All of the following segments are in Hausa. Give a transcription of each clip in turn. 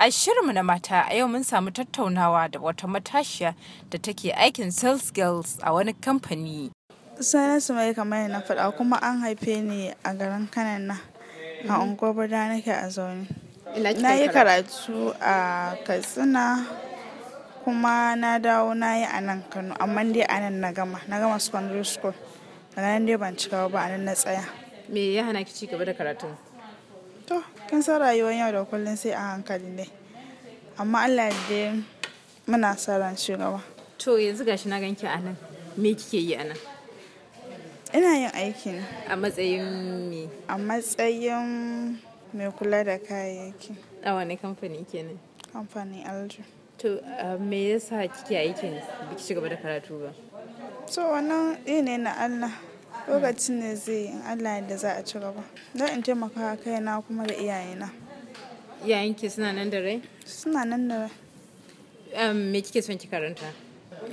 A shirinmu na mata a yau mun samu tattaunawa da wata matashiya da take aikin sales girls a wani kamfani. Sana su mai kamar na faɗa kuma an haife ni a garin Kanana a mhm. unguwar da nake a zaune. Na yi karatu a Katsina kuma na dawo na yi a nan Kano amma dai a nan na gama na gama secondary school daga nan dai ban cika ba a nan na tsaya. Me ya hana ki ci gaba da karatun? To, kin san rayuwar yau da kullum sai a hankali ne. Amma Allah dai muna sa ran ci gaba. To yanzu gashi na ganki a nan. Me kike yi a nan? Ina yin aiki ne. A matsayin me? A matsayin mai kula da kayayyaki. A wani kamfani kenan? Kamfanin Aljo. To me yasa kike aikin biki ci gaba da karatu ba? So wannan ne na Allah. Lokacin ne zai yi in Allah yadda za a ci gaba. Don in taimaka kaina kuma da iyayena. Iyayenki suna nan da rai? Suna nan da rai. me kike son ki karanta?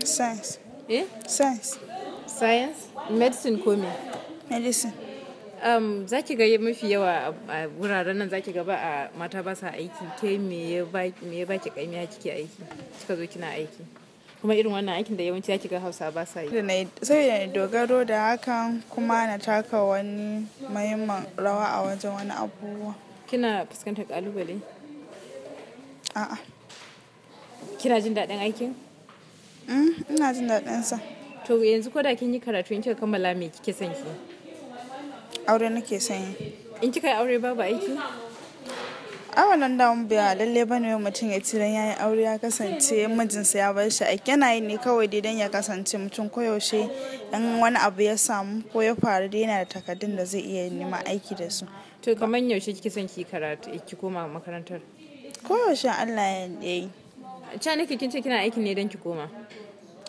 Science. Eh? Science. Science? Medicine ko me? Medicine. Um, za ki ga mafi yawa a wuraren nan za ki gaba a mata ba sa aiki ke me ya ki kaimiya kike aiki kika zo kina aiki kuma irin wannan aikin da yawanci ya ga hausa ba sa yi sai na dogaro da hakan kuma na taka wani mahimman rawa a wajen wani abubuwa kina fuskantar kalubale a'a kina jin daɗin aikin mm, ina jin daɗin sa to yanzu ko da kin yi karatu in kika kammala me kike son ki aure nake son yi in kika yi aure babu aiki Ai wannan daman ba lalle ba ne mutum ya ce yayi ya yi aure ya kasance mijinsa ya bar shi aiki yana yi ne kawai dai dan ya kasance mutum koyaushe in wani abu ya samu ko ya faru dai yana da takardun da zai iya neman aiki da su. To kamar yaushe kike son ki karatu ki koma makarantar? Koyaushe Allah ya yi. Ca nake kin ce kina aiki ne dan ki koma?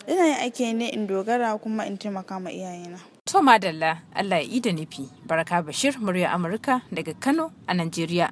Ina yin aiki ne in dogara kuma in taimaka ma iyayena. To madalla Allah ya yi da nufi. Baraka Bashir, murya Amurka daga Kano a Najeriya.